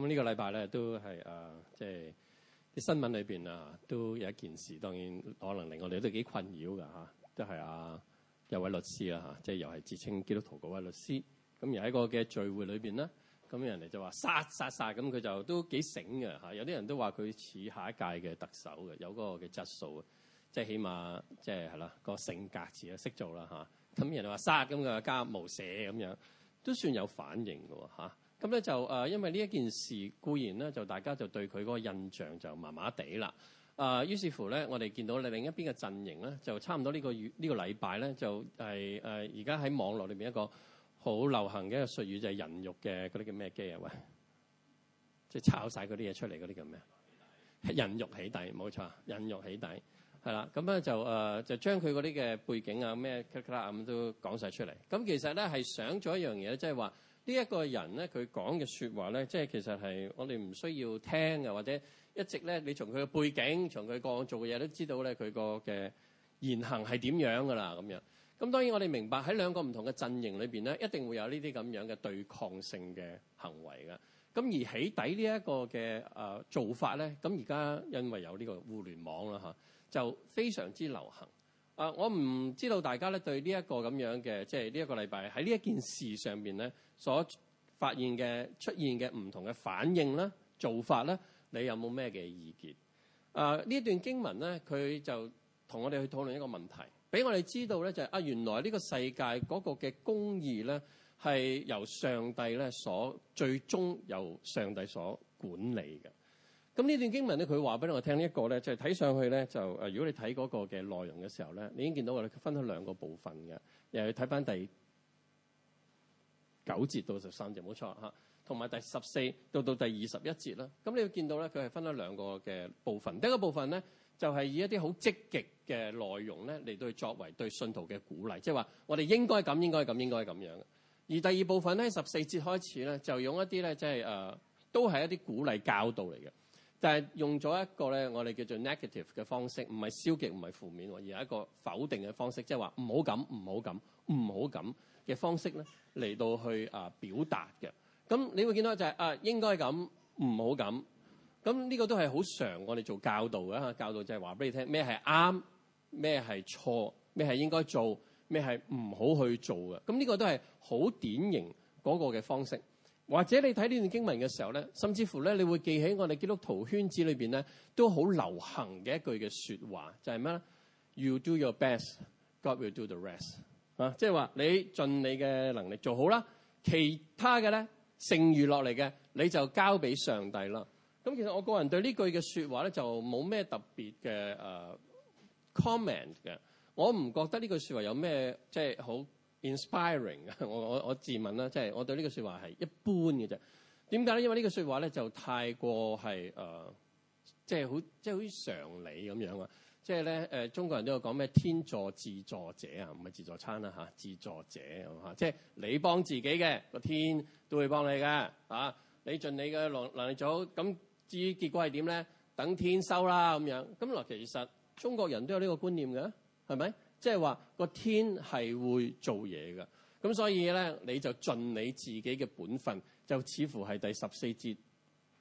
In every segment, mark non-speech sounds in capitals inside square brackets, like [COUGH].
咁呢個禮拜咧都係誒，即係啲新聞裏邊啊，都有一件事，當然可能令我哋都幾困擾嘅嚇、啊，都係啊有位律師啊，嚇，即係又係自稱基督徒嗰位律師。咁又喺個嘅聚會裏邊啦，咁、啊、人哋就話殺殺殺，咁佢就都幾醒嘅嚇。有啲人都話佢似下一屆嘅特首嘅，有嗰個嘅質素啊，即係起碼即係係啦，個性格似啊，識做啦嚇。咁人哋話殺咁嘅家無赦，咁樣，都算有反應嘅喎、啊。咁咧就誒、呃，因為呢一件事固然咧，就大家就對佢嗰個印象就麻麻地啦。誒、呃，於是乎咧，我哋見到你另一邊嘅陣營咧，就差唔多、呢個呢個、呢個月呢個禮拜咧，就係誒而家喺網絡裏邊一個好流行嘅一個術語就係、係、人肉嘅嗰啲叫咩機啊？喂， [LAUGHS] 即係炒晒嗰啲嘢出嚟嗰啲叫咩？人肉起底，冇錯，人肉起底係啦。咁咧就誒、呃、就將佢嗰啲嘅背景啊咩 clap clap 咁都講晒出嚟。咁其實咧係想做一樣嘢，即係話。呢一個人咧，佢講嘅説話咧，即係其實係我哋唔需要聽嘅，或者一直咧，你從佢嘅背景、從佢過去做嘅嘢都知道咧，佢個嘅言行係點樣噶啦咁樣。咁當然我哋明白喺兩個唔同嘅陣營裏邊咧，一定會有呢啲咁樣嘅對抗性嘅行為嘅。咁而起底呢一個嘅誒做法咧，咁而家因為有呢個互聯網啦嚇，就非常之流行。啊！我唔知道大家咧對呢一個咁樣嘅，即係呢一個禮拜喺呢一件事上邊咧所發現嘅出現嘅唔同嘅反應啦、做法啦，你有冇咩嘅意見？啊！呢段經文咧，佢就同我哋去討論一個問題，俾我哋知道咧就係、是、啊，原來呢個世界嗰個嘅公義咧係由上帝咧所最終由上帝所管理嘅。咁呢段經文咧，佢話俾我聽，一個咧，就係睇上去咧，就、呃、如果你睇嗰個嘅內容嘅時候咧，你已經見到我哋分咗兩個部分嘅。又睇翻第九節到十三節，冇錯嚇，同埋第十四到到第二十一節啦。咁你要見到咧，佢係分咗兩個嘅部分。第一個部分咧，就係以一啲好積極嘅內容咧嚟到作為對信徒嘅鼓勵，即係話我哋應該咁，應該咁，應該咁樣。而第二部分咧，十四節開始咧，就用一啲咧，即係呃、都係一啲鼓勵教導嚟嘅。但係用咗一個咧，我哋叫做 negative 嘅方式，唔係消極，唔係負面，而係一個否定嘅方式，即係話唔好咁，唔好咁，唔好咁嘅方式咧，嚟到去啊表達嘅。咁你會見到就係啊，應該咁，唔好咁。咁呢個都係好常我哋做教導㗎，教導就係話俾你聽咩係啱，咩係錯，咩係應該做，咩係唔好去做嘅。咁呢個都係好典型嗰個嘅方式。或者你睇呢段經文嘅時候咧，甚至乎咧，你會記起我哋基督徒圈子裏邊咧都好流行嘅一句嘅說話，就係咩咧？You do your best, God will do the rest。啊，即係話你盡你嘅能力做好啦，其他嘅咧剩餘落嚟嘅你就交俾上帝啦。咁其實我個人對呢句嘅說話咧就冇咩特別嘅、uh, comment 嘅，我唔覺得呢句説話有咩即係好。Inspiring，我我我自問啦，即係我對呢個説話係一般嘅啫。點解咧？因為呢個説話咧就太過係誒，即係好即係好似常理咁樣啊！即係咧誒，中國人都有講咩天助自助者啊，唔係自助餐啦嚇，自助者咁嚇。即係你幫自己嘅個天都會幫你嘅啊！你盡你嘅能能力做好，咁至於結果係點咧？等天收啦咁樣。咁嗱，其實中國人都有呢個觀念嘅，係咪？即係話個天係會做嘢嘅，咁所以咧你就盡你自己嘅本分，就似乎係第十四節，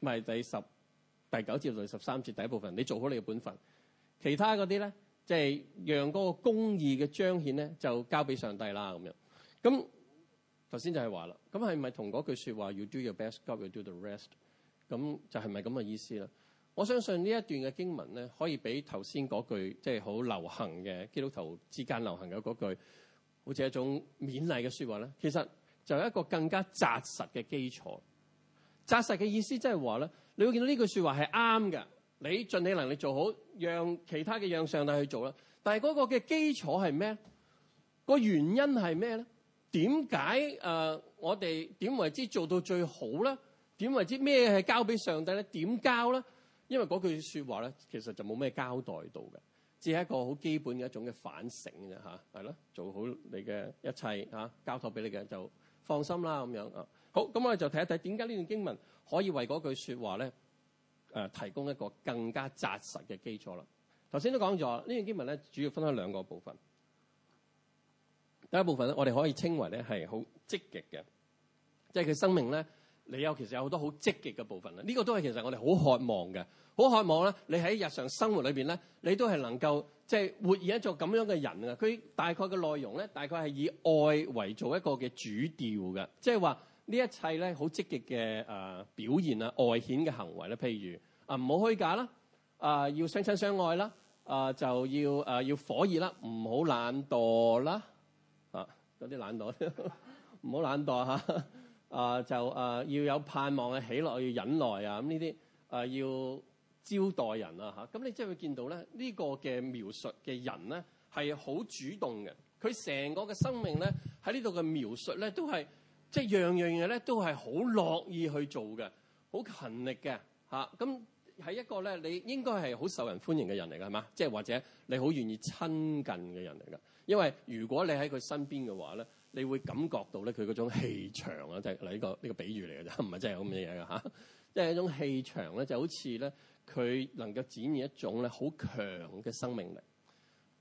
唔係第十第九節到第十三節第一部分，你做好你嘅本分，其他嗰啲咧即係讓嗰個公義嘅彰顯咧，就交俾上帝啦咁樣。咁頭先就係話啦，咁係咪同嗰句説話 You do your best，God 要 you do the rest？咁就係咪咁嘅意思啦？我相信呢一段嘅經文咧，可以比頭先嗰句即係好流行嘅基督徒之間流行嘅嗰句，好似一種勉勵嘅説話咧。其實就有一個更加紮實嘅基礎。紮實嘅意思即係話咧，你會見到呢句説話係啱㗎。你盡你能力做好，讓其他嘅讓上帝去做啦。但係嗰個嘅基礎係咩？個原因係咩咧？點解誒？我哋點為之做到最好咧？點為之咩係交俾上帝咧？點交咧？因為嗰句説話咧，其實就冇咩交代到嘅，只係一個好基本嘅一種嘅反省啫嚇，係咯，做好你嘅一切嚇，交託俾你嘅就放心啦咁樣啊。好，咁我哋就睇一睇點解呢段經文可以為嗰句説話咧誒提供一個更加紮實嘅基礎啦。頭先都講咗，呢段經文咧主要分開兩個部分。第一部分咧，我哋可以稱為咧係好積極嘅，即係佢生命咧。你有其實有好多好積極嘅部分啦，呢個都係其實我哋好渴望嘅，好渴望啦！你喺日常生活裏邊咧，你都係能夠即係活現一種咁樣嘅人啊！佢大概嘅內容咧，大概係以愛為做一個嘅主調嘅，即係話呢一切咧好積極嘅誒表現啊、外顯嘅行為咧，譬如啊唔好虛假啦，啊，不要，啊要相親相愛啦，啊就要誒、啊、要火熱啦，唔好懶惰啦，啊有啲懶惰，唔好懶惰嚇。啊啊、呃，就啊、呃，要有盼望嘅喜樂，要忍耐啊，咁呢啲要招待人啊，嚇，咁你即係會見到咧，呢個嘅描述嘅人咧，係好主動嘅，佢成個嘅生命咧，喺呢度嘅描述咧，都係即係樣樣嘢咧，都係好樂意去做嘅，好勤力嘅嚇，咁係一個咧，你應該係好受人歡迎嘅人嚟㗎，係嘛？即係或者你好願意親近嘅人嚟㗎，因為如果你喺佢身邊嘅話咧。你會感覺到咧，佢嗰種氣場啊，就係嗱，呢個呢個比喻嚟嘅啫，唔係真係咁嘅嘢㗎吓。即係一種氣場咧，就好似咧，佢能夠展現一種咧，好強嘅生命力。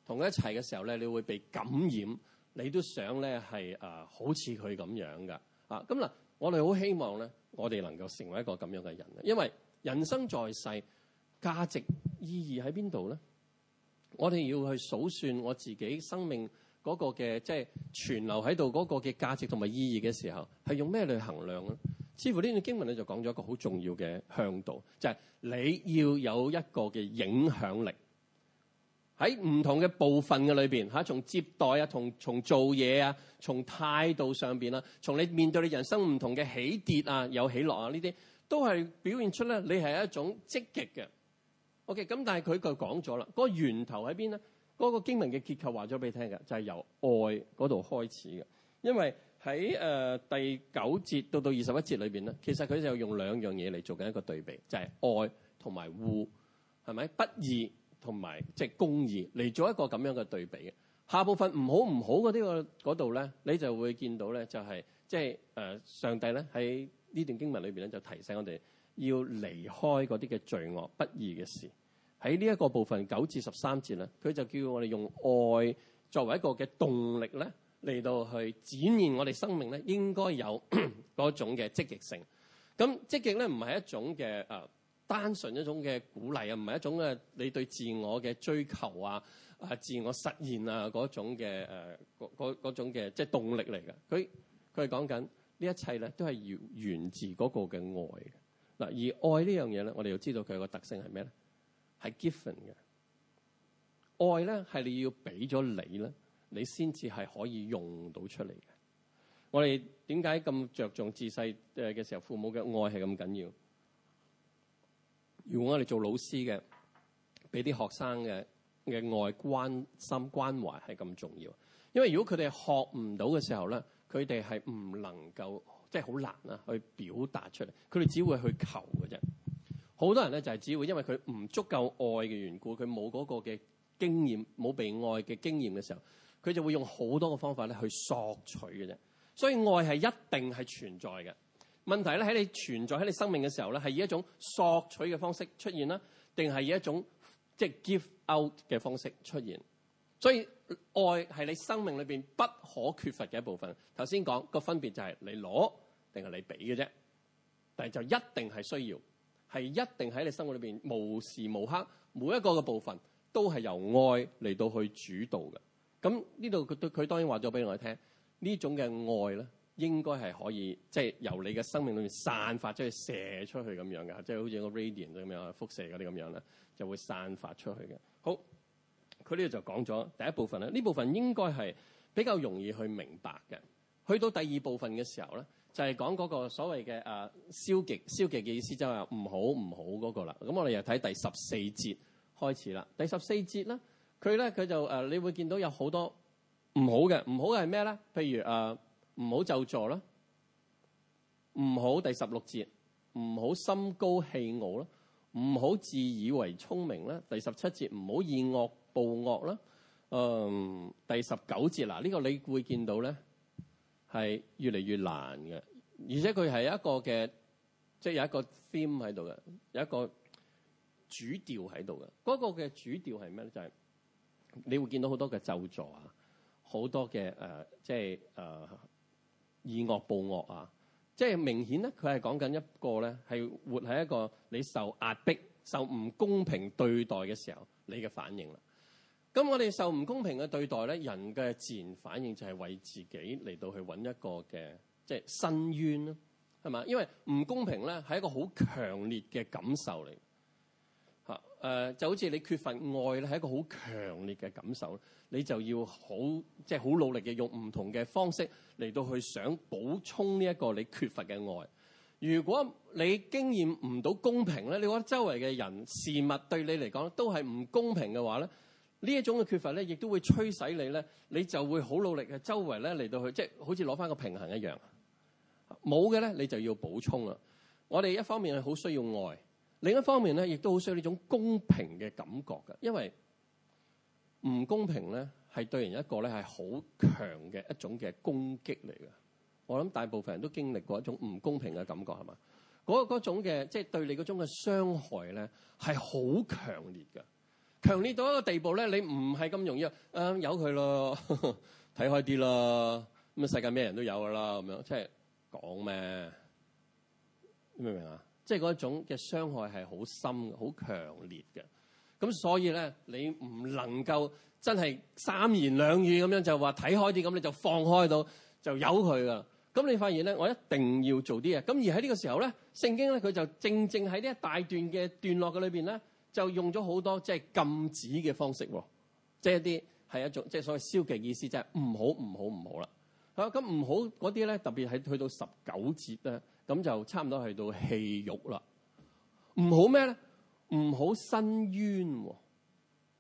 同佢一齊嘅時候咧，你會被感染，你都想咧係啊，好似佢咁樣㗎。啊，咁嗱，我哋好希望咧，我哋能夠成為一個咁樣嘅人。因為人生在世，價值意義喺邊度咧？我哋要去數算我自己生命。嗰個嘅即係存留喺度嗰個嘅價值同埋意義嘅時候，係用咩嚟衡量咧？似乎呢段經文咧就講咗一個好重要嘅向導，就係你要有一個嘅影響力喺唔同嘅部分嘅裏面。嚇，從接待啊，從從做嘢啊，從態度上面啦，從你面對你人生唔同嘅起跌啊，有起落啊呢啲，都係表現出咧你係一種積極嘅。OK，咁但係佢佢講咗啦，嗰個源頭喺邊咧？嗰個經文嘅結構話咗俾你聽嘅，就係、是、由愛嗰度開始嘅。因為喺誒、呃、第九節到到二十一節裏邊咧，其實佢就用兩樣嘢嚟做緊一個對比，就係、是、愛同埋惡，係咪不，不義同埋即係公義嚟做一個咁樣嘅對比嘅。下部分唔好唔好嘅呢個嗰度咧，你就會見到咧、就是，就係即係誒上帝咧喺呢在這段經文裏邊咧，就提醒我哋要離開嗰啲嘅罪惡、不義嘅事。喺呢一個部分九至十三節咧，佢就叫我哋用愛作為一個嘅動力咧，嚟到去展現我哋生命咧應該有嗰 [COUGHS] 種嘅積極性。咁積極咧唔係一種嘅誒、呃、單純一種嘅鼓勵啊，唔係一種嘅你對自我嘅追求啊啊自我實現啊嗰種嘅誒嗰種嘅即係動力嚟嘅。佢佢係講緊呢一切咧都係要源自嗰個嘅愛嘅嗱，而愛這呢樣嘢咧，我哋要知道佢個特性係咩咧？係 given 嘅，愛咧係你要俾咗你咧，你先至係可以用到出嚟嘅。我哋點解咁着重，自細誒嘅時候父母嘅愛係咁緊要？如果我哋做老師嘅，俾啲學生嘅嘅愛關心關懷係咁重要，因為如果佢哋學唔到嘅時候咧，佢哋係唔能夠即係好難啊去表達出嚟，佢哋只會去求嘅啫。好多人咧就係、是、只會因為佢唔足夠愛嘅緣故，佢冇嗰個嘅經驗，冇被愛嘅經驗嘅時候，佢就會用好多嘅方法咧去索取嘅啫。所以愛係一定係存在嘅。問題咧喺你存在喺你生命嘅時候咧，係以一種索取嘅方式出現啦，定係以一種即係、就是、give out 嘅方式出現？所以愛係你生命裏邊不可缺乏嘅一部分。頭先講個分別就係你攞定係你俾嘅啫，但係就一定係需要。係一定喺你生活裏邊無時無刻每一個嘅部分都係由愛嚟到去主導嘅。咁呢度佢對當然話咗俾我哋聽，種呢種嘅愛咧應該係可以即係由你嘅生命裏面散發出去、射出去咁樣嘅，即係好似個 radiant 咁樣啊，輻射嗰啲咁樣咧就會散發出去嘅。好，佢呢度就講咗第一部分咧，呢部分應該係比較容易去明白嘅。去到第二部分嘅時候咧。就係講嗰個所謂嘅誒消極，消極嘅意思就係話唔好唔好嗰個啦。咁我哋又睇第十四節開始啦。第十四節咧，佢咧佢就誒、啊，你會見到有好多唔好嘅，唔好嘅係咩咧？譬如誒，唔好就坐啦，唔好第十六節，唔好心高氣傲啦，唔好自以為聰明啦。第十七節唔好以惡報惡啦。嗯，第十九節嗱，呢個你會見到咧。係越嚟越難嘅，而且佢係一個嘅，即、就、係、是、有一個 theme 喺度嘅，有一個主調喺度嘅。嗰、那個嘅主調係咩咧？就係、是、你會見到好多嘅咒詛、呃就是呃、啊，好多嘅誒，即係誒，以惡報惡啊，即係明顯咧，佢係講緊一個咧，係活喺一個你受壓迫、受唔公平對待嘅時候，你嘅反應啦。咁我哋受唔公平嘅對待咧，人嘅自然反應就係為自己嚟到去揾一個嘅即係伸冤咯，係嘛？因為唔公平咧係一個好強烈嘅感受嚟，啊，就好似你缺乏愛咧係一個好強烈嘅感受，你就要好即係好努力嘅用唔同嘅方式嚟到去想補充呢一個你缺乏嘅愛。如果你經驗唔到公平咧，你覺得周圍嘅人事物對你嚟講都係唔公平嘅話咧。呢一種嘅缺乏咧，亦都會催使你咧，你就會好努力嘅，周圍咧嚟到去，即係好似攞翻個平衡一樣。冇嘅咧，你就要補充啦。我哋一方面係好需要愛，另一方面咧，亦都好需要呢種公平嘅感覺嘅，因為唔公平咧係對人一個咧係好強嘅一種嘅攻擊嚟嘅。我諗大部分人都經歷過一種唔公平嘅感覺係嘛？嗰嗰種嘅即係對你嗰種嘅傷害咧係好強烈嘅。強烈到一個地步咧，你唔係咁容易誒，由佢咯，睇開啲咯。咁啊，世界咩人都有㗎喇，咁樣即係講咩？你明唔明啊？即係嗰種嘅傷害係好深、好強烈嘅。咁所以咧，你唔能夠真係三言兩語咁樣就話睇開啲，咁你就放開到就由佢噶。咁你發現咧，我一定要做啲嘢。咁而喺呢個時候咧，聖經咧佢就正正喺呢一大段嘅段落嘅裏邊咧。就用咗好多即係禁止嘅方式、哦，即、就、係、是、一啲係一種即係、就是、所謂消極意思就不，即係唔好唔好唔好啦。啊，咁唔好嗰啲咧，特別喺去到十九節咧，咁就差唔多去到戲肉啦。唔好咩咧？唔好申冤。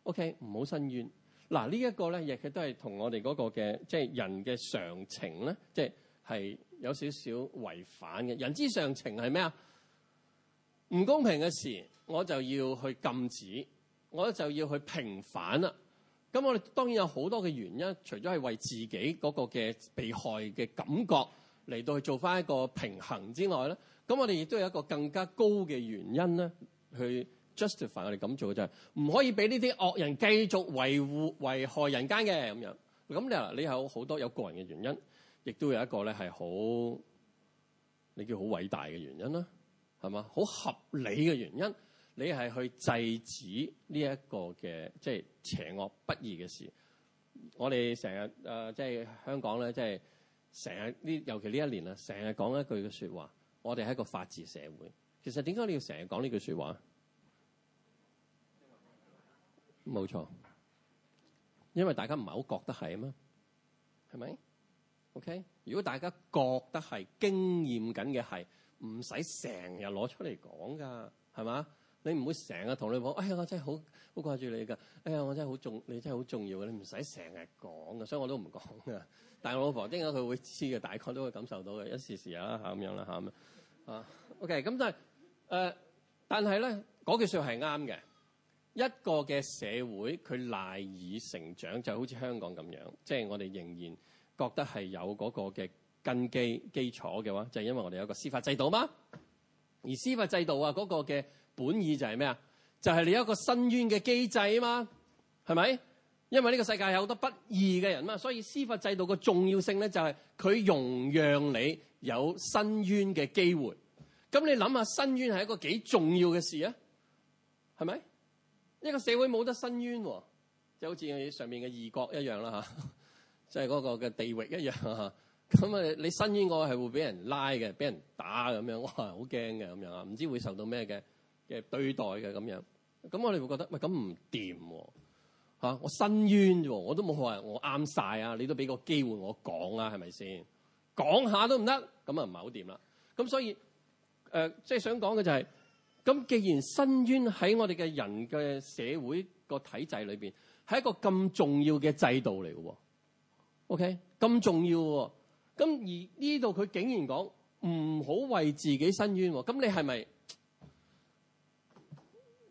OK，唔好申冤。嗱、這個，呢一個咧，亦嘅都係同我哋嗰個嘅即係人嘅常情咧，即係係有少少違反嘅。人之常情係咩啊？唔公平嘅事，我就要去禁止，我就要去平反啦。咁我哋當然有好多嘅原因，除咗係為自己嗰個嘅被害嘅感覺嚟到去做翻一個平衡之外咧，咁我哋亦都有一個更加高嘅原因咧，去 justify 我哋咁做嘅就係唔可以俾呢啲惡人繼續維護危害人間嘅咁樣，咁你話你有好多有個人嘅原因，亦都有一個咧係好，你叫好偉大嘅原因啦。係嘛？好合理嘅原因，你係去制止呢一個嘅即係邪惡不義嘅事。我哋成日誒，即係香港咧，即係成日呢，尤其呢一年啦，成日講一句嘅説話，我哋係一個法治社會。其實點解你要成日講呢句説話？冇錯，因為大家唔係好覺得係啊嘛，係咪？OK，如果大家覺得係，經驗緊嘅係。唔使成日攞出嚟講㗎，係嘛？你唔會成日同你老婆，哎呀我真係好好掛住你㗎，哎呀我真係好重你真係好重要㗎，你唔使成日講㗎，所以我都唔講㗎。但係我老婆點解佢會知嘅，大概都會感受到嘅，一時一時啊嚇咁樣啦嚇咁啊。OK，咁但係誒、呃，但係咧嗰句説話係啱嘅，一個嘅社會佢賴以成長，就好似香港咁樣，即係我哋仍然覺得係有嗰個嘅。根基基礎嘅話，就係、是、因為我哋有一個司法制度嘛。而司法制度啊，嗰個嘅本意就係咩啊？就係、是、你有一個申冤嘅機制嘛，係咪？因為呢個世界有好多不義嘅人嘛，所以司法制度嘅重要性咧，就係佢容讓你有申冤嘅機會。咁你諗下，申冤係一個幾重要嘅事啊？係咪？一個社會冇得申冤、哦，即係好似上面嘅異國一樣啦嚇，即係嗰個嘅地域一樣嚇。啊咁啊！你申冤我係會俾人拉嘅，俾人打咁樣，哇！好驚嘅咁樣啊，唔知會受到咩嘅嘅對待嘅咁樣。咁我哋會覺得喂，咁唔掂喎我申冤啫、啊，我都冇話我啱晒啊！你都俾個機會我講啊，係咪先？講下都唔得，咁啊唔係好掂啦。咁所以誒、呃，即係想講嘅就係、是，咁既然申冤喺我哋嘅人嘅社會個體制裏邊，係一個咁重要嘅制度嚟嘅喎。OK，咁重要喎、啊。咁而呢度佢竟然講唔好為自己申冤喎，咁你係咪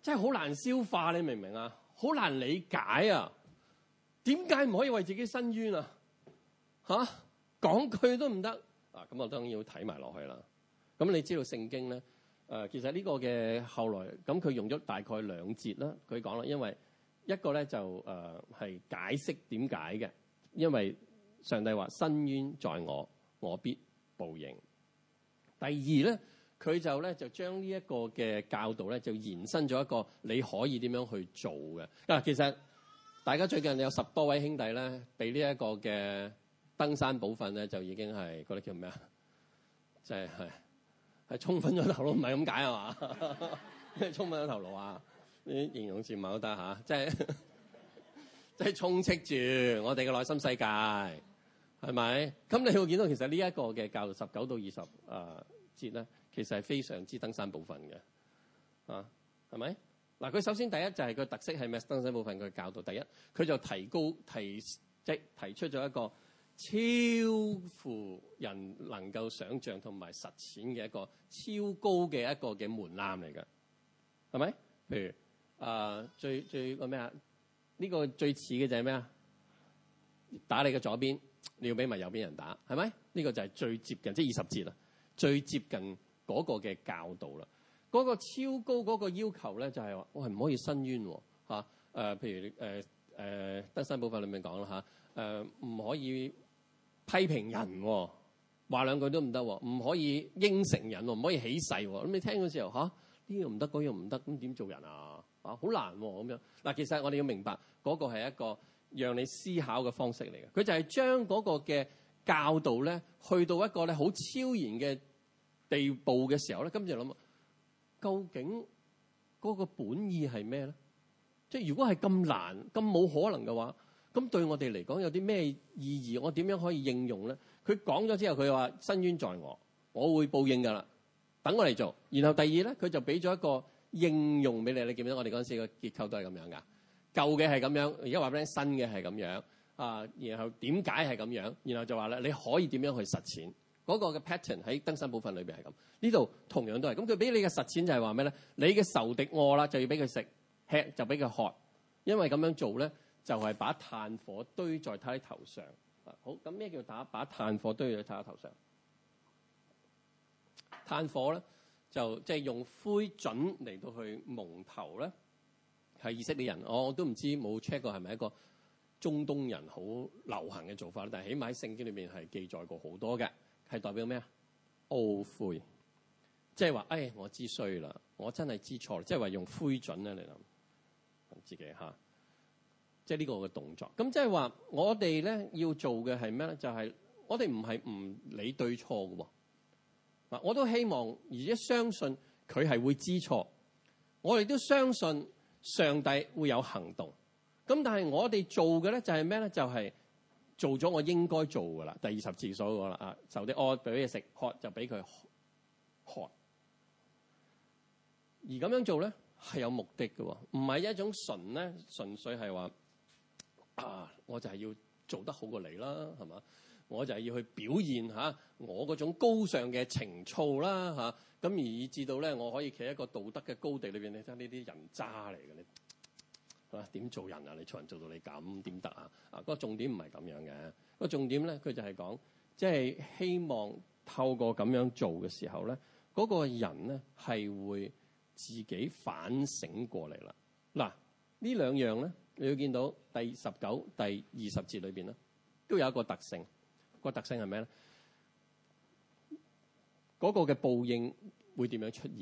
真係好難消化？你明唔明啊？好難理解啊！點解唔可以為自己申冤啊？吓講佢都唔得啊！咁、啊、我當然要睇埋落去啦。咁你知道聖經咧、呃，其實呢個嘅後來咁佢用咗大概兩節啦。佢講啦，因為一個咧就係、呃、解釋點解嘅，因為。上帝話：伸冤在我，我必報應。第二咧，佢就咧就將呢一個嘅教導咧就延伸咗一個你可以點樣去做嘅。嗱，其實大家最近有十多位兄弟咧，俾呢一個嘅登山寶訓咧，就已經係覺得叫咩、就是、 [LAUGHS] [LAUGHS] 啊？即係係係充分咗頭腦，唔係咁解啊嘛？咩充分咗頭腦啊？啲形容詞唔係好得嚇，即係即係充斥住我哋嘅內心世界。係咪？咁你會見到其實呢一個嘅教導十九到二十啊節咧，其實係非常之登山部分嘅啊，係咪？嗱，佢首先第一就係個特色係咩？登山部分佢教導第一，佢就提高、提即提出咗一個超乎人能夠想像同埋實踐嘅一個超高嘅一個嘅門檻嚟嘅，係咪？譬如啊、呃，最最個咩啊？呢、這個最似嘅就係咩啊？打你嘅左邊。你要俾埋右邊人打，係咪？呢、這個就係最接近，即係二十節啦，最接近嗰個嘅教導啦。嗰、那個超高嗰個要求咧，就係話我係唔可以申冤喎、啊啊、譬如誒誒，登、啊啊、山寶訓裏面講啦吓唔可以批評人、啊，話兩句都唔得、啊，唔可以應承人、啊，唔可以起誓、啊。咁你聽嘅時候吓呢、啊、樣唔得，嗰樣唔得，咁點做人啊？啊，好難咁、啊、樣。嗱、啊，其實我哋要明白嗰、那個係一個。讓你思考嘅方式嚟嘅，佢就係將嗰個嘅教導咧，去到一個咧好超然嘅地步嘅時候咧，咁就諗啊，究竟嗰個本意係咩咧？即係如果係咁難、咁冇可能嘅話，咁對我哋嚟講有啲咩意義？我點樣可以應用咧？佢講咗之後，佢話：伸冤在我，我會報應㗎啦，等我嚟做。然後第二咧，佢就俾咗一個應用俾你。你記唔記得我哋嗰陣時個結構都係咁樣㗎？舊嘅係咁樣，而家話俾你聽，新嘅係咁樣啊。然後點解係咁樣？然後就話咧，你可以點樣去實踐嗰、那個嘅 pattern 喺登山部分裏邊係咁。呢度同樣都係。咁佢俾你嘅實踐就係話咩咧？你嘅仇敵餓啦，就要俾佢食，渴就俾佢喝，因為咁樣做咧，就係、是、把炭火堆在他啲頭上。好，咁咩叫打？把炭火堆在他頭上。炭火咧，就即係、就是、用灰燼嚟到去蒙頭咧。係以色列人，我、哦、我都唔知冇 check 過，係咪一個中東人好流行嘅做法。但係起碼喺聖經裏面係記載過好多嘅，係代表咩啊？懊悔，即係話，誒、哎，我知衰啦，我真係知錯，即係話用灰準咧嚟諗自己吓，即係呢個嘅動作。咁即係話，我哋咧要做嘅係咩咧？就係、是、我哋唔係唔理對錯嘅。嗱，我都希望而且相信佢係會知錯，我哋都相信。上帝會有行動，咁但係我哋做嘅咧就係咩咧？就係、是、做咗我應該做嘅啦。第二十節所講啦，啊，受啲餓俾嘢食，渴，就俾佢喝。而咁樣做咧係有目的嘅，唔係一種純咧，純粹係話啊，我就係要做得好過你啦，係嘛？我就係要去表現嚇我嗰種高尚嘅情操啦嚇，咁、啊、而以至到咧，我可以企喺一個道德嘅高地裏邊咧。你睇下呢啲人渣嚟嘅咧，係嘛？點、啊、做人啊？你做人做到你咁點得啊？啊，個重點唔係咁樣嘅。個重點咧。佢就係講即係希望透過咁樣做嘅時候咧，嗰、那個人咧係會自己反省過嚟啦。嗱、啊、呢兩樣咧，你要見到第十九、第二十節裏邊咧，都有一個特性。個特性係咩咧？嗰個嘅報應會點樣出現？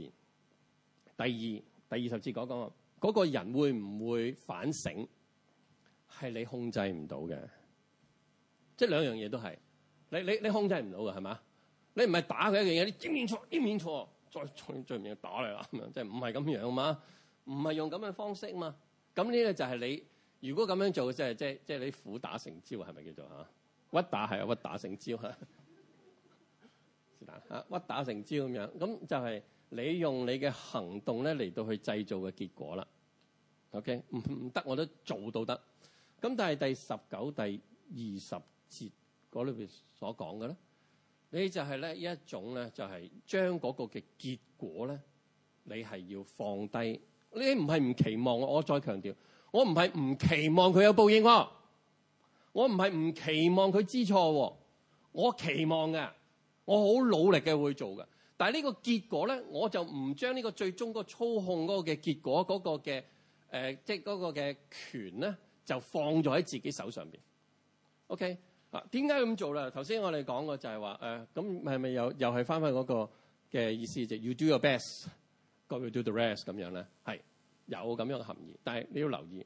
第二第二十節講講嗰個人會唔會反省？係你控制唔到嘅，即係兩樣嘢都係你你你控制唔到嘅係嘛？你唔係打佢一樣嘢，你正面錯，正面錯，再再唔要打你啦咁樣，即係唔係咁樣嘛？唔係用咁嘅方式嘛？咁呢個就係你如果咁樣做，即係即係即係你苦打成招，係咪叫做嚇？啊屈打係啊，屈打成招嚇，是但嚇屈打成招咁樣，咁就係你用你嘅行動咧嚟到去製造嘅結果啦。OK，唔唔得我都做到得，咁但係第十九、第二十節嗰裏面所講嘅咧，你就係咧一種咧，就係將嗰個嘅結果咧，你係要放低。你唔係唔期望我，我再強調，我唔係唔期望佢有報應喎。我唔係唔期望佢知錯喎、哦，我期望嘅，我好努力嘅會做嘅。但係呢個結果咧，我就唔將呢個最終嗰個操控嗰個嘅結果嗰、嗰個嘅誒、呃，即係嗰、嗰個嘅權咧，就放咗喺自己手上邊。OK 啊？點解咁做啦？頭先我哋講過就係話誒，咁係咪又又係翻翻嗰個嘅意思，就係 You do your best，God will do the rest 咁樣咧？係有咁樣嘅含義，但係你要留意。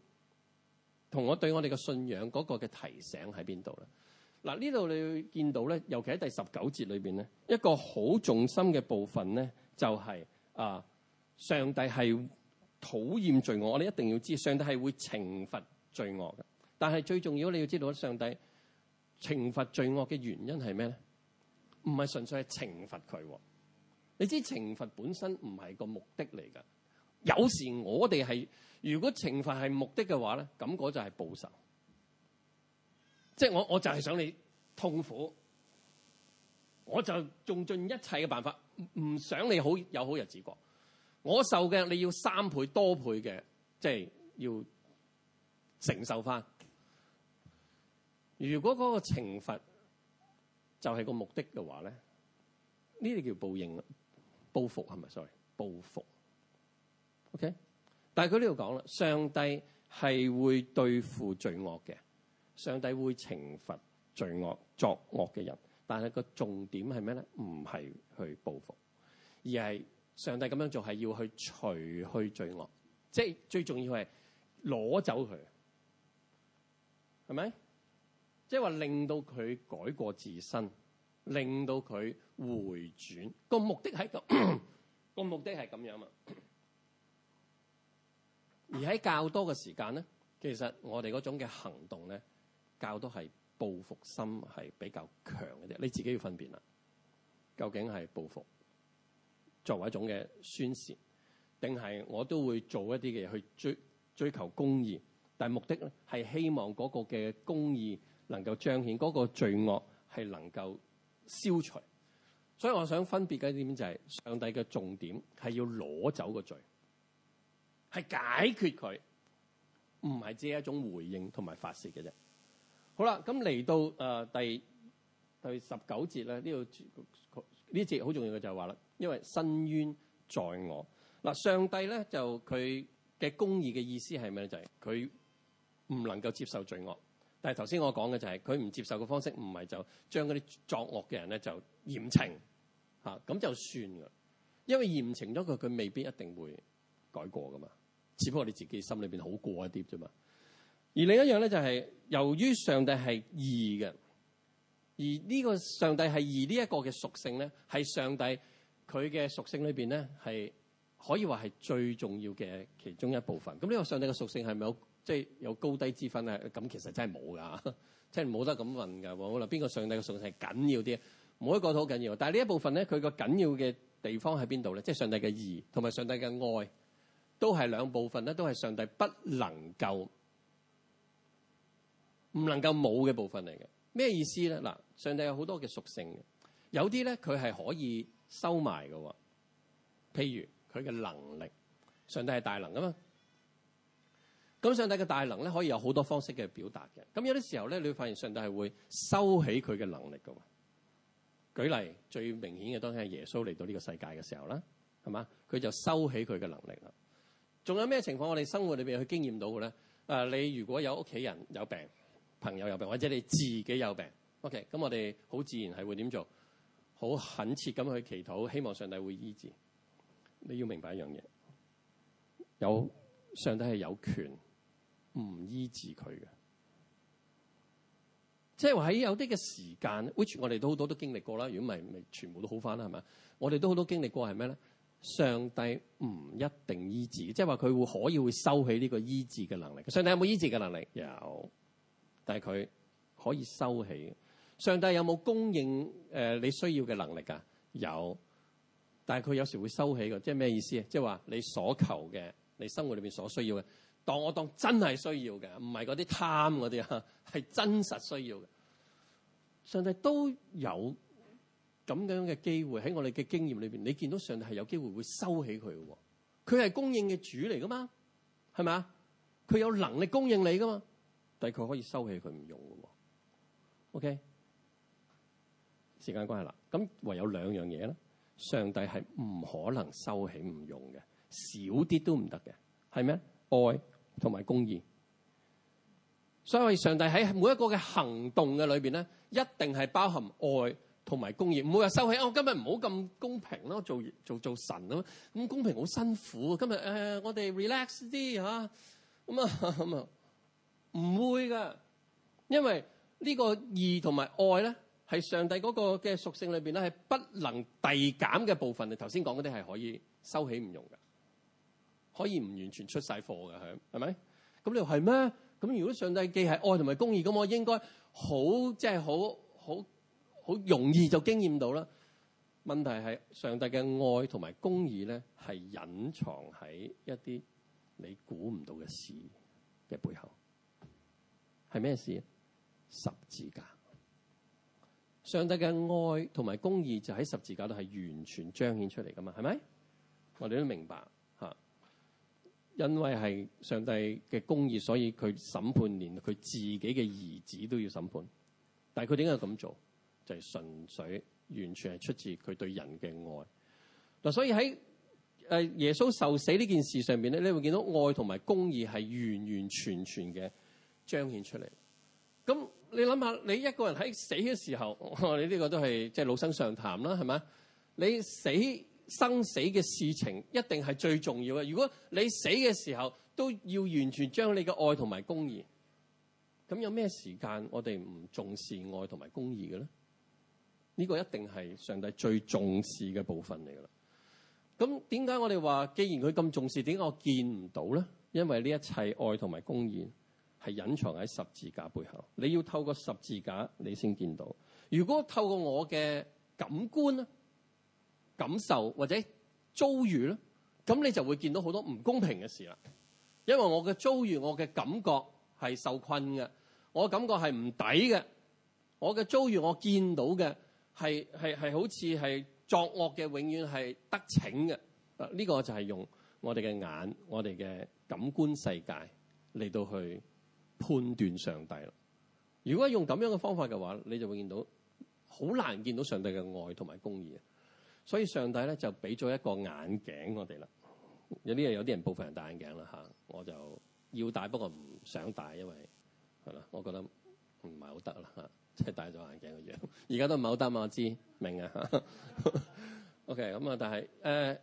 同我對我哋嘅信仰嗰個嘅提醒喺邊度咧？嗱、啊，這裏看呢度你會見到咧，尤其喺第十九節裏邊咧，一個好重心嘅部分咧，就係、是、啊，上帝係討厭罪惡，我哋一定要知道上帝係會懲罰罪惡嘅。但係最重要，你要知道上帝懲罰罪惡嘅原因係咩咧？唔係純粹係懲罰佢、哦。你知道懲罰本身唔係個目的嚟㗎，有時我哋係。如果懲罰係目的嘅話咧，咁就係報仇，即係我我就係想你痛苦，我就用盡一切嘅辦法，唔想你好有好日子過。我受嘅你要三倍多倍嘅，即係要承受翻。如果嗰個懲罰就係個目的嘅話咧，呢啲叫報應，報復係咪？sorry，報復，ok。但係佢呢度講啦，上帝係會對付罪惡嘅，上帝會懲罰罪惡作惡嘅人。但係個重點係咩咧？唔係去報復，而係上帝咁樣做係要去除去罪惡，即係最重要係攞走佢，係咪？即係話令到佢改過自身，令到佢回轉。個目的喺度，個目的係咁樣啊！而喺較多嘅時間咧，其實我哋嗰種嘅行動咧，較多係報復心係比較強嘅啫。你自己要分辨啦，究竟係報復作為一種嘅宣洩，定係我都會做一啲嘅嘢去追追求公義，但係目的咧係希望嗰個嘅公義能夠彰顯，嗰個罪惡係能夠消除。所以我想分別嘅一點就係上帝嘅重點係要攞走個罪。係解決佢，唔係只係一種回應同埋發泄嘅啫。好啦，咁嚟到誒第第十九節咧，呢度呢節好重要嘅就係話啦，因為伸冤在我，嗱，上帝咧就佢嘅公義嘅意思係咩咧？就係佢唔能夠接受罪惡，但係頭先我講嘅就係佢唔接受嘅方式，唔係就將嗰啲作惡嘅人咧就嚴懲嚇，咁、啊、就算嘅，因為嚴懲咗佢，佢未必一定會。改過噶嘛？只不過你自己心裏邊好過一啲啫嘛。而另一樣咧就係、是，由於上帝係義嘅，而呢個上帝係義呢一個嘅屬性咧，係上帝佢嘅屬性裏邊咧係可以話係最重要嘅其中一部分。咁呢個上帝嘅屬性係咪有即係、就是、有高低之分咧、啊？咁其實真係冇㗎，即係冇得咁問㗎。好啦，邊個上帝嘅屬性係緊要啲？冇一個都好緊要。但係呢一部分咧，佢個緊要嘅地方喺邊度咧？即、就、係、是、上帝嘅義同埋上帝嘅愛。都係兩部分咧，都係上帝不能夠、唔能夠冇嘅部分嚟嘅。咩意思咧？嗱，上帝有好多嘅屬性，有啲咧佢係可以收埋嘅。譬如佢嘅能力，上帝係大能吖嘛。咁上帝嘅大能咧，可以有好多方式嘅表達嘅。咁有啲時候咧，你會發現上帝係會收起佢嘅能力嘅。舉例最明顯嘅，當然係耶穌嚟到呢個世界嘅時候啦，係嘛？佢就收起佢嘅能力啦。仲有咩情況我哋生活裏邊去經驗到嘅咧？誒、呃，你如果有屋企人有病、朋友有病，或者你自己有病，OK，咁我哋好自然係會點做？好懇切咁去祈禱，希望上帝會醫治。你要明白一樣嘢，有上帝係有權唔醫治佢嘅，即係喺有啲嘅時間，which 我哋都好多都經歷過啦。如果唔係，唔係全部都好返啦，係咪？我哋都好多經歷過係咩咧？上帝唔一定醫治，即係話佢會可以會收起呢個醫治嘅能力。上帝有冇醫治嘅能力？有，但係佢可以收起。上帝有冇供應、呃、你需要嘅能力㗎？有，但係佢有時會收起嘅，即係咩意思？即係話你所求嘅，你生活裏面所需要嘅，當我當真係需要嘅，唔係嗰啲貪嗰啲啊，係真實需要嘅。上帝都有。咁樣嘅機會喺我哋嘅經驗裏邊，你見到上帝係有機會會收起佢嘅。佢係供應嘅主嚟噶嘛？係咪啊？佢有能力供應你噶嘛？但係佢可以收起佢唔用嘅。OK，時間關係啦，咁唯有兩樣嘢咧，上帝係唔可能收起唔用嘅，少啲都唔得嘅，係咩？愛同埋公義，所以上帝喺每一個嘅行動嘅裏邊咧，一定係包含愛。同埋公義，唔會話收起。我今日唔好咁公平咯，做做做神咁，咁公平好辛苦。今日誒，我哋 relax 啲嚇，咁啊咁啊，唔會噶。因為呢個義同埋愛咧，係上帝嗰個嘅屬性裏邊咧，係不能遞減嘅部分。你頭先講嗰啲係可以收起唔用嘅，可以唔完全出曬貨嘅，係咪？咁你話係咩？咁如果上帝既係愛同埋公義，咁我應該好即係好。好容易就經驗到啦。問題係上帝嘅愛同埋公義咧，係隱藏喺一啲你估唔到嘅事嘅背後。係咩事？十字架。上帝嘅愛同埋公義就喺十字架度係完全彰顯出嚟噶嘛？係咪我哋都明白嚇？因為係上帝嘅公義，所以佢審判連佢自己嘅兒子都要審判。但係佢點解咁做？就係純粹完全係出自佢對人嘅愛嗱，所以喺耶穌受死呢件事上邊，咧，你會見到愛同埋公義係完完全全嘅彰顯出嚟。咁你諗下，你一個人喺死嘅時候，你 [LAUGHS] 呢個都係即係老生常談啦，係咪？你死生死嘅事情一定係最重要嘅。如果你死嘅時候都要完全將你嘅愛同埋公義，咁有咩時間我哋唔重視愛同埋公義嘅咧？呢個一定係上帝最重視嘅部分嚟噶啦。咁點解我哋話，既然佢咁重視，點解我見唔到咧？因為呢一切愛同埋公義係隱藏喺十字架背後。你要透過十字架，你先見到。如果透過我嘅感官，感受或者遭遇咧，咁你就會見到好多唔公平嘅事啦。因為我嘅遭遇，我嘅感覺係受困嘅，我感覺係唔抵嘅，我嘅遭遇，我見到嘅。係係係好似係作惡嘅，永遠係得逞嘅。啊，呢個就係用我哋嘅眼、我哋嘅感官世界嚟到去判斷上帝啦。如果用咁樣嘅方法嘅話，你就會見到好難見到上帝嘅愛同埋公義。所以上帝咧就俾咗一個眼鏡我哋啦。有啲人，有啲人部分人戴眼鏡啦嚇，我就要戴，不過唔想戴，因為係啦，我覺得唔係好得啦嚇。即係戴咗眼鏡嘅樣，而家都唔係好得嘛，我知明啊。 [LAUGHS] OK，咁啊，但係誒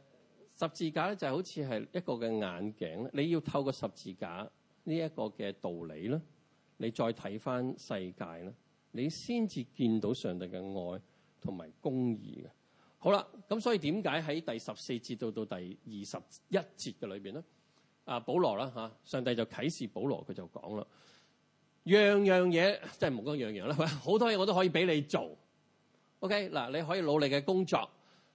十字架咧，就好似係一個嘅眼鏡，你要透過十字架呢一個嘅道理咧，你再睇翻世界咧，你先至見到上帝嘅愛同埋公義嘅。好啦，咁所以點解喺第十四節到到第二十一節嘅裏邊咧？啊，保羅啦嚇、啊，上帝就啟示保羅，佢就講啦。樣樣嘢真係唔講樣樣啦，好多嘢我都可以俾你做。OK，嗱，你可以努力嘅工作，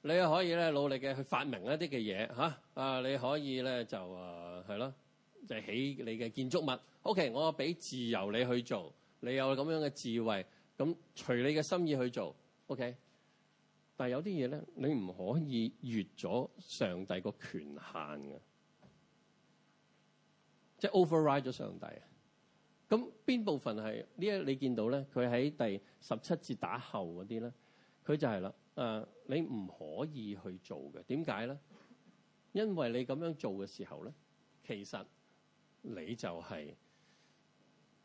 你又可以咧努力嘅去發明一啲嘅嘢啊，你可以咧就啊，係咯，就起、是、你嘅建築物。OK，我俾自由你去做，你有咁樣嘅智慧，咁隨你嘅心意去做。OK，但係有啲嘢咧，你唔可以越咗上帝個權限嘅，即、就、係、是、override 咗上帝啊。咁邊部分係呢一？你見到咧，佢喺第十七節打後嗰啲咧，佢就係啦。誒，你唔可以去做嘅。點解咧？因為你咁樣做嘅時候咧，其實你就係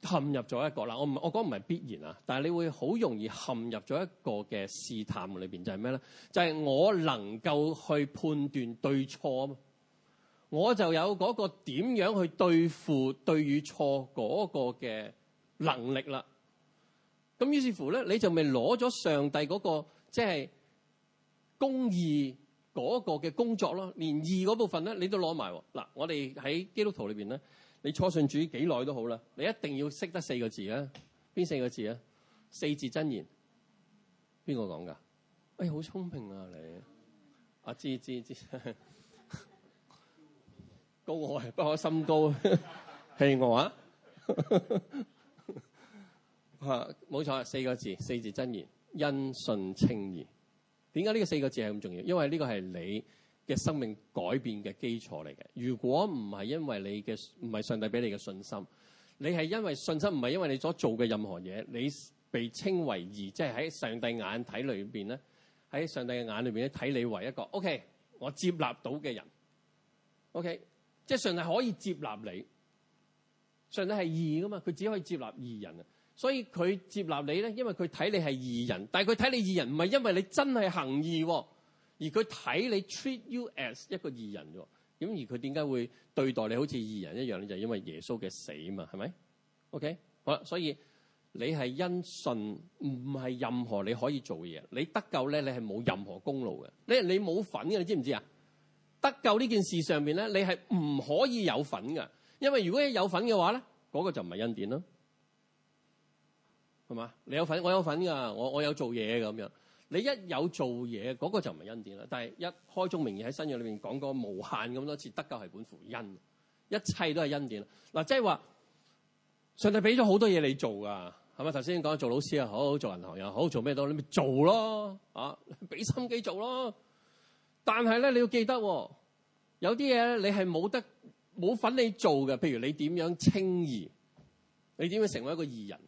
陷入咗一個啦。我唔，我講唔係必然啊，但係你會好容易陷入咗一個嘅試探裏面，就係咩咧？就係我能夠去判斷對錯啊嘛。我就有嗰個點樣去對付對與錯嗰個嘅能力啦。咁於是乎咧，你就咪攞咗上帝嗰、那個即係、就是、公義嗰個嘅工作咯。連義嗰部分咧，你都攞埋喎。嗱，我哋喺基督徒裏邊咧，你初信主幾耐都好啦，你一定要識得四個字啊。邊四個字啊？四字真言。邊個講㗎？哎，好聰明啊！你，阿、啊、知知知。高我係不可心高，係 [LAUGHS] 是我啊！啊，冇錯，四個字，四字真言，因信稱義。點解呢個四個字係咁重要？因為呢個係你嘅生命改變嘅基礎嚟嘅。如果唔係因為你嘅，唔係上帝俾你嘅信心，你係因為信心，唔係因為你所做嘅任何嘢，你被稱為義，即係喺上帝眼睇裏邊咧，喺上帝嘅眼裏邊咧，睇你為一個 OK，我接納到嘅人，OK。即係上帝可以接納你，上帝係義噶嘛，佢只可以接納義人啊。所以佢接納你咧，因為佢睇你係義人。但係佢睇你義人，唔係因為你真係行義，而佢睇你 treat you as 一個義人喎。咁而佢點解會對待你好似義人一樣咧？就係因為耶穌嘅死嘛，係咪？OK，好啦，所以你係因信，唔係任何你可以做嘢。你得救咧，你係冇任何功勞嘅。你你冇份嘅，你知唔知啊？得救呢件事上面咧，你係唔可以有份噶因為如果你有份嘅話咧，嗰個就唔係恩典囉，係嘛？你有份，我有份噶，我我有做嘢咁樣，你一有做嘢，嗰個就唔係恩典啦。但係一開宗明義喺新約裏面講過，無限咁多次，得救係本乎恩，一切都係恩典。嗱，啊，即係話上帝俾咗好多嘢你做噶，係咪？頭先講做老師啊，好做銀行又好做咩都，你咪做咯，啊，俾心機做咯。但係咧，你要記得、哦，有啲嘢咧，你係冇得冇份你做嘅。譬如你點樣稱義，你點樣成為一個義人，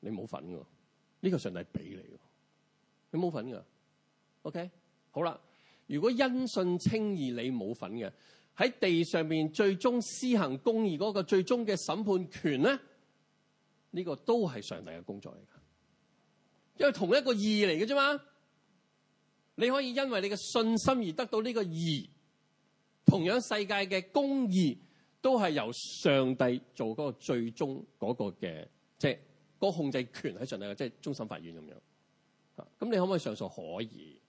你冇份嘅。呢、呢個上帝俾你，你冇份噶。OK，好啦，如果因信稱義你，你冇份嘅，喺地上面最終施行公義嗰個最終嘅審判權咧，呢、呢個都係上帝嘅工作嚟噶，因為同一個義嚟嘅啫嘛。你可以因為你嘅信心而得到呢個義，同樣世界嘅公義都係由上帝做嗰個最終嗰個嘅，即係個控制權喺上帝嘅，即係終審法院咁樣。咁你可唔可以上訴？可以，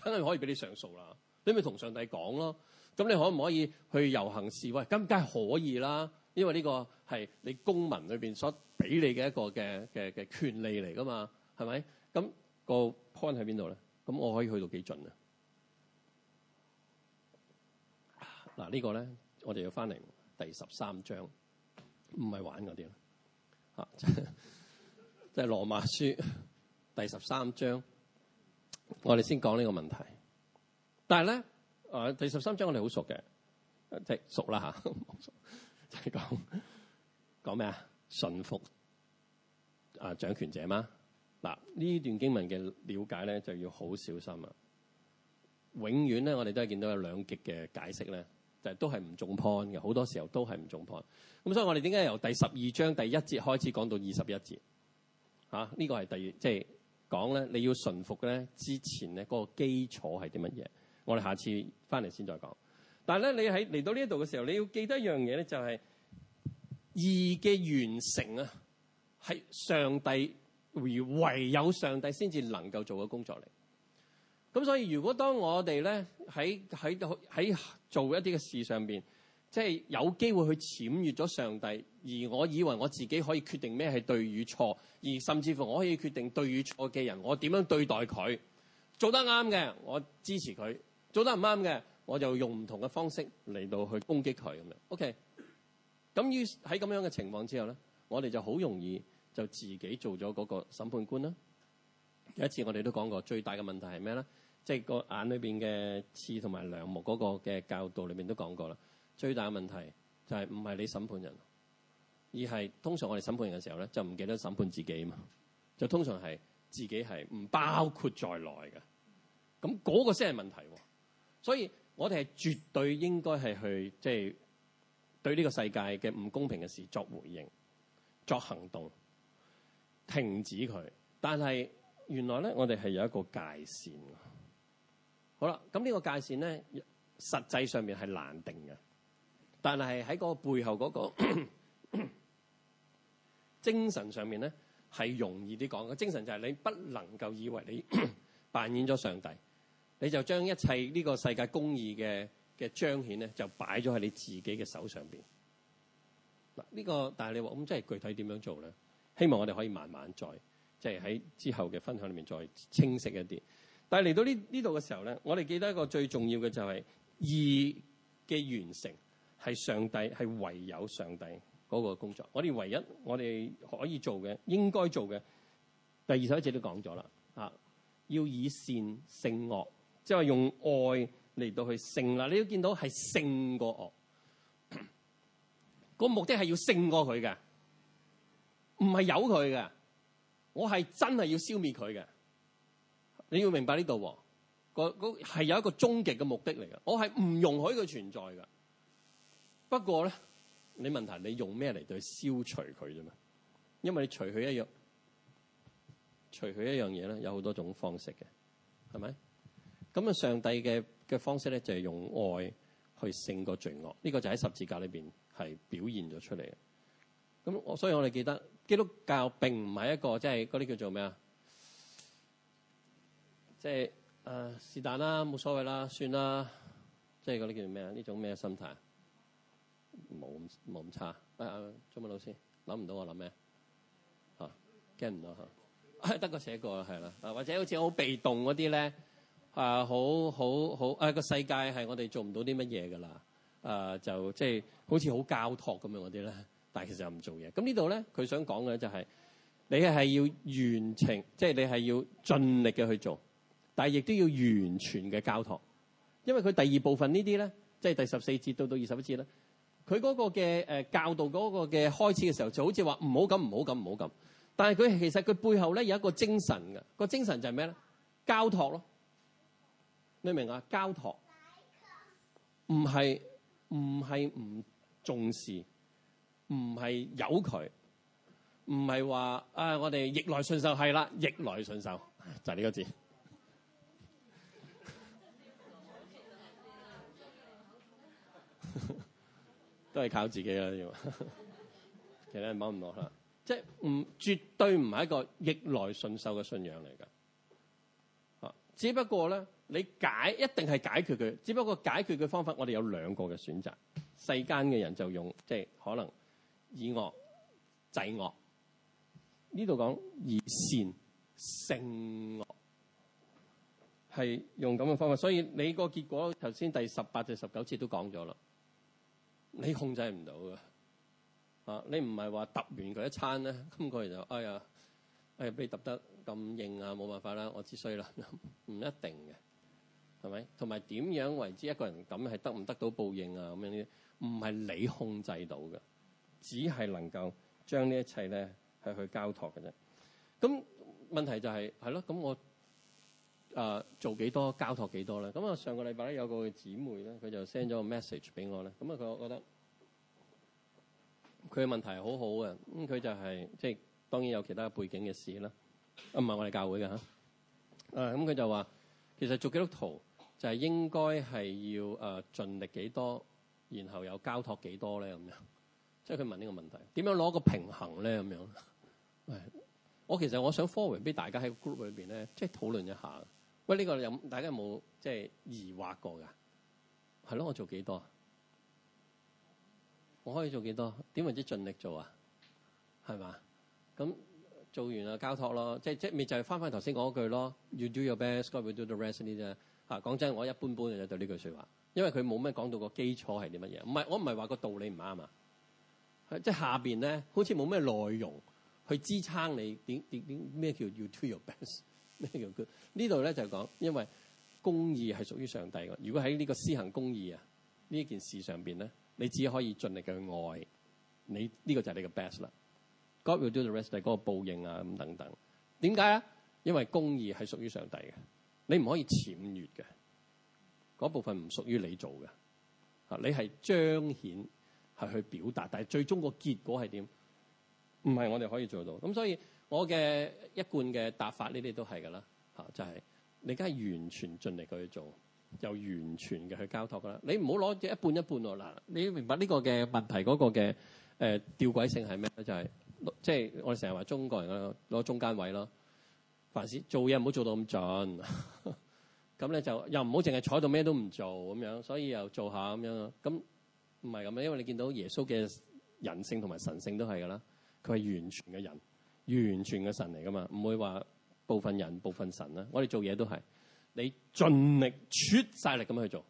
梗係可以俾你上訴啦。你咪同上帝講咯。咁你可唔可以去遊行示威？咁梗係可以啦，因為呢個係你公民裏邊所俾你嘅一個嘅嘅嘅權利嚟噶嘛，係咪？咁個 point 喺邊度咧？咁我可以去到幾盡咧、啊？嗱、啊，呢、這個呢，我哋要返嚟第十三章，唔係玩嗰啲啦，即、啊、係、就是就是、羅馬書第十三章，我哋先講呢個問題。但係呢、啊，第十三章我哋好熟嘅，即、就、係、是、熟啦嚇，熟、啊，即係講講咩呀？順服啊掌權者嘛？嗱，呢段經文嘅了解咧，就要好小心啊！永遠咧，我哋都係見到有兩極嘅解釋咧，就係、是、都係唔中 point 嘅，好多時候都係唔中 point。咁所以我哋點解由第十二章第一節開始講到二十一節、啊這個就是、呢個係第即係講咧，你要順服咧之前咧、嗰個基礎係啲乜嘢？我哋下次翻嚟先再講。但係咧，你喺嚟到呢一度嘅時候，你要記得一樣嘢咧、就是，就係義嘅完成啊，係上帝。唯有上帝先至能夠做嘅工作嚟，咁所以如果當我哋咧喺喺喺做一啲嘅事上邊，即係有機會去僭越咗上帝，而我以為我自己可以決定咩係對與錯，而甚至乎我可以決定對與錯嘅人，我點樣對待佢，做得啱嘅我支持佢，做得唔啱嘅我就用唔同嘅方式嚟到去攻擊佢咁樣。OK，咁於喺咁樣嘅情況之後咧，我哋就好容易。就自己做咗嗰個審判官啦、啊。有一次我哋都講過，最大嘅問題係咩咧？即、就、係、是、個眼裏邊嘅刺同埋梁木嗰個嘅教導裏面都講過啦。最大嘅問題就係唔係你審判人，而係通常我哋審判人嘅時候咧，就唔記得審判自己啊嘛。就通常係自己係唔包括在內嘅。咁、那、嗰個先係問題、啊，所以我哋係絕對應該係去即係、就是、對呢個世界嘅唔公平嘅事作回應、作行動，停止佢，但係原來咧，我哋係有一個界線的好。好啦，咁呢個界線咧，實際上面係難定嘅，但係喺個背後嗰、嗰個 [COUGHS] 精神上面咧，係容易啲講。個精神就係你不能夠以為你 [COUGHS] 扮演咗上帝，你就將一切呢個世界公義嘅嘅彰顯咧，就擺咗喺你自己嘅手上邊。嗱、呢個，呢個但係你話咁，即係具體點樣做咧？希望我哋可以慢慢再，即係喺之後嘅分享裏面再清晰一啲。但係嚟到呢呢度嘅時候咧，我哋記得一個最重要嘅就係、是、義嘅完成係上帝，係唯有上帝嗰個工作。我哋唯一我哋可以做嘅、應該做嘅，第二十一節都講咗啦。吓、啊，要以善勝惡，即係話用愛嚟到去勝啦。你都見到係勝過惡、那個目的係要勝過佢嘅。唔係有佢嘅，我係真係要消滅佢嘅。你要明白呢度，個個係有一個終極嘅目的嚟嘅。我係唔容許佢存在噶。不過咧，你問題你用咩嚟對消除佢啫嘛？因為你除佢一樣，除佢一樣嘢咧，有好多種方式嘅，係咪？咁啊，上帝嘅嘅方式咧，就係用愛去勝過罪惡。呢個就喺十字架裏邊係表現咗出嚟。咁我所以我哋記得。基督教並唔係一個即係嗰啲叫做咩、即係呃即係、啊？即係誒是但啦，冇所謂啦，算啦。即係嗰啲叫做咩啊？呢種咩心態冇咁冇咁差。誒中文老師諗唔到我諗咩啊？驚唔到嚇？啊、 [LAUGHS] 得過且過係啦。或者好似好被動嗰啲咧誒，好好好誒、啊個世界係我哋做唔到啲乜嘢㗎啦誒，就即係、即係、好似好交託咁樣嗰啲咧。但係其實又唔做嘢。咁呢度咧，佢想講嘅就係、是、你係要完成，即、就、係、是、你係要盡力嘅去做，但係亦都要完全嘅交託。因為佢第二部分這些呢啲咧，即、就、係、是、第十四節到到二十一節咧，佢嗰個嘅誒、呃、教導嗰個嘅開始嘅時候，就好似話唔好咁，唔好咁，唔好咁。但係佢其實佢背後咧有一個精神嘅，那個精神就係咩咧？交託咯，你明唔明啊？交託唔係唔係唔重視。唔係由佢，唔係話啊！我哋逆來順受係啦，逆來順受就係呢個字， [LAUGHS] 都係靠自己啦要。 [LAUGHS] 其實你唔好落啦，即係唔絕對唔係一個逆來順受嘅信仰嚟噶。啊，只不過咧，你解一定係解決佢，只不過解決嘅方法我哋有兩個嘅選擇。世間嘅人就用即係可能。以惡制惡，呢度講以善勝惡，係用咁嘅方法，所以你個結果頭先第十八至十九節都講咗啦。你控制唔到噶嚇，你唔係話揼完佢一餐咧，咁佢就哎呀誒俾揼得咁應啊，冇辦法啦，我知衰啦，唔 [LAUGHS] 一定嘅係咪？同埋點樣為之一個人咁係得唔得到報應啊？咁樣啲唔係你控制到嘅。只係能夠將呢一切咧係去交託嘅啫。咁問題就係係咯，咁我誒、呃、做幾多交託幾多咧？咁啊，上個禮拜咧有個姊妹咧，佢就 send 咗個 message 俾我咧。咁啊，佢覺得佢嘅問題係好好嘅。咁佢就係、是、即係當然有其他背景嘅事啦。唔、啊、係我哋教會嘅嚇。誒咁佢就話，其實做基督徒就係應該係要誒、呃、盡力幾多，然後有交託幾多咧咁樣。即係佢問呢個問題，點樣攞個平衡咧？咁樣、哎，我其實我想 forward 俾大家喺 group 裏邊咧，即係討論一下。喂，呢、呢個有大家有冇即係疑惑過㗎？係咯，我做幾多？我可以做幾多？點為之盡力做啊？係嘛？咁做完啊，交託咯。即即係咪就係翻翻頭先講嗰句咯？You do your best, God will do the rest 呢？啫，講真，我一般般嘅啫對呢句説話，因為佢冇咩講到個基礎係啲乜嘢。唔係，我唔係話個道理唔啱啊。即係下邊咧，好似冇咩內容去支撐你點點點咩叫要 you do your best 咩叫佢？呢度咧就係、是、講，因為公義係屬於上帝嘅。如果喺呢個施行公義啊呢一件事上邊咧，你只可以盡力嘅去愛你呢、這個就係你嘅 best 啦。God will do the rest，嗰個報應啊咁等等。點解啊？因為公義係屬於上帝嘅，你唔可以僭越嘅。嗰部分唔屬於你做嘅，啊你係彰顯。係去表達，但係最終個結果係點？唔係我哋可以做到。咁所以，我嘅一貫嘅答法，呢啲都係噶啦。嚇、啊，就係、是、你梗係完全盡力去做，又完全嘅去交託噶啦。你唔好攞一半一半咯。嗱、啊，你明白呢個嘅問題嗰個嘅誒吊詭性係咩咧？就係即係我哋成日話中國人攞中間位咯。凡事做嘢唔好做到咁盡，咁 [LAUGHS] 咧就又唔好淨係坐到咩都唔做咁樣。所以又做下咁樣咁。唔係咁啊，因為你見到耶穌嘅人性同埋神性都係噶啦，佢係完全嘅人，完全嘅神嚟噶嘛，唔會話部分人、部分神啦。我哋做嘢都係，你盡力出晒力咁去做，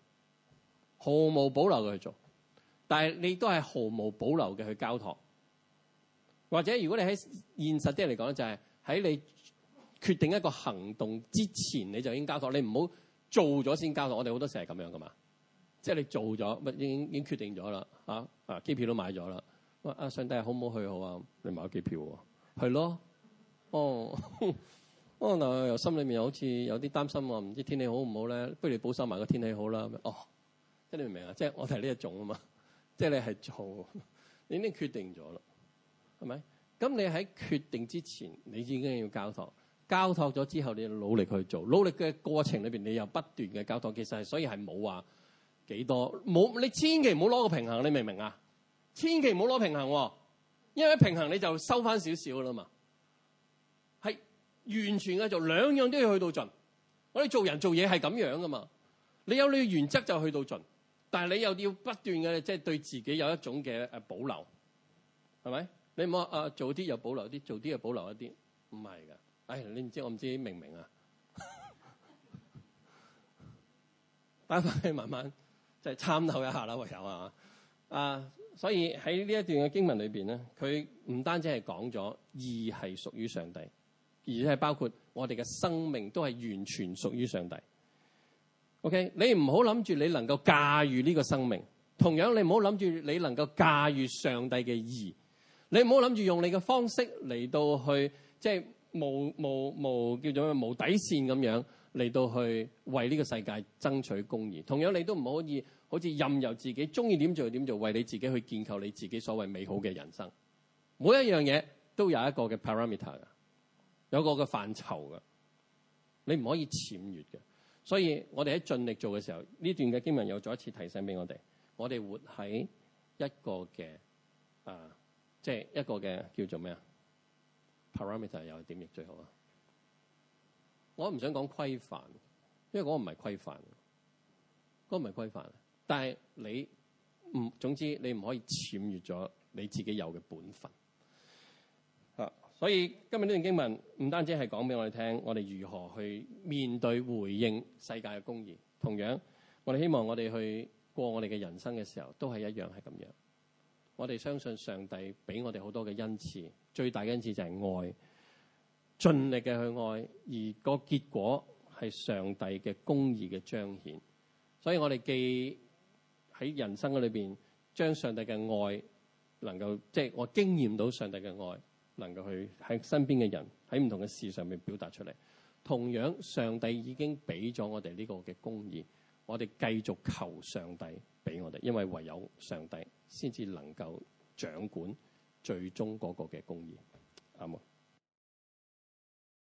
毫無保留嘅去做。但係你都係毫無保留嘅去交託，或者如果你喺現實啲嚟講咧就係，喺你決定一個行動之前你就已經交託，你唔好做咗先交託，我哋好多時係咁樣噶嘛。即係你做咗，乜已經已經決定咗啦，吓啊機、啊、票都買咗啦。喂、啊、阿上帝好唔好去好啊？你買咗機票喎、啊，係咯，哦 [LAUGHS] 哦嗱，又心裏面又好似有啲擔心喎，唔知天氣好唔好咧。不如你保守埋個天氣好啦。哦、啊，即係你明唔明啊？即係我哋呢一種啊嘛。即係你係做，你已經決定咗啦，係咪？咁你喺決定之前，你已經要交託，交託咗之後，你要努力去做，努力嘅過程裏邊，你又不斷嘅交託。其實係，所以係冇話。幾多冇？你千祈唔好攞個平衡，你明唔明啊？千祈唔好攞平衡、哦，因為平衡你就收翻少少啦嘛。係完全嘅就兩樣都要去到盡。我哋做人做嘢係咁樣噶嘛。你有你嘅原則就去到盡，但係你又要不斷嘅即係對自己有一種嘅誒保留，係咪？你唔好誒做啲又保留啲，做啲又保留一啲，唔係㗎。哎，你唔知我唔知，明唔明啊？打翻去慢慢，探討一下啦，朋友啊，啊，所以喺呢一段嘅經文裏邊咧，佢唔單止係講咗義係屬於上帝，而且係包括我哋嘅生命都係完全屬於上帝。OK，你唔好諗住你能夠駕馭呢個生命，同樣你唔好諗住你能夠駕馭上帝嘅義，你唔好諗住用你嘅方式嚟到去，即係、就是、無無無叫做無底線咁樣嚟到去為呢個世界爭取公義。同樣你都唔可以。好似任由自己中意點做點做，為你自己去建構你自己所謂美好嘅人生。每一樣嘢都有一個嘅 parameter，有一個嘅範疇，你唔可以僭越嘅。所以我哋喺盡力做嘅時候，呢段嘅經文又再一次提醒俾我哋，我哋活喺一個嘅，啊、呃，即係一個嘅叫做咩啊？parameter 又係點亦最好啊？我唔想講規範，因為嗰個唔係規範，嗰個唔係規範。但係你唔，總之你唔可以僭越咗你自己有嘅本分啊！所以今日呢段經文唔單止係講俾我哋聽，我哋如何去面對回應世界嘅公義。同樣，我哋希望我哋去過我哋嘅人生嘅時候，都係一樣係咁樣。我哋相信上帝俾我哋好多嘅恩賜，最大嘅恩賜就係愛，盡力嘅去愛，而個結果係上帝嘅公義嘅彰顯。所以我哋既喺人生裏邊，將上帝嘅愛能夠，即係我經驗到上帝嘅愛，能夠去喺身邊嘅人，喺唔同嘅事上面表達出嚟。同樣上帝已經俾咗我哋呢個嘅公義，我哋繼續求上帝俾我哋，因為唯有上帝先至能夠掌管最終嗰個嘅公義，啱